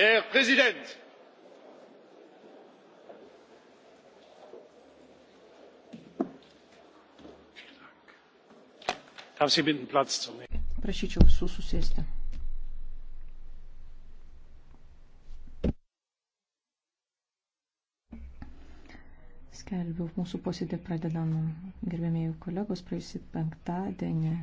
herr präsident! darf sie bitten platz zu nehmen. prašyčiau visų susėsti. skelbiu mūsų posėdį pradedam gerbiamieji kolegos praėjusį penktadienį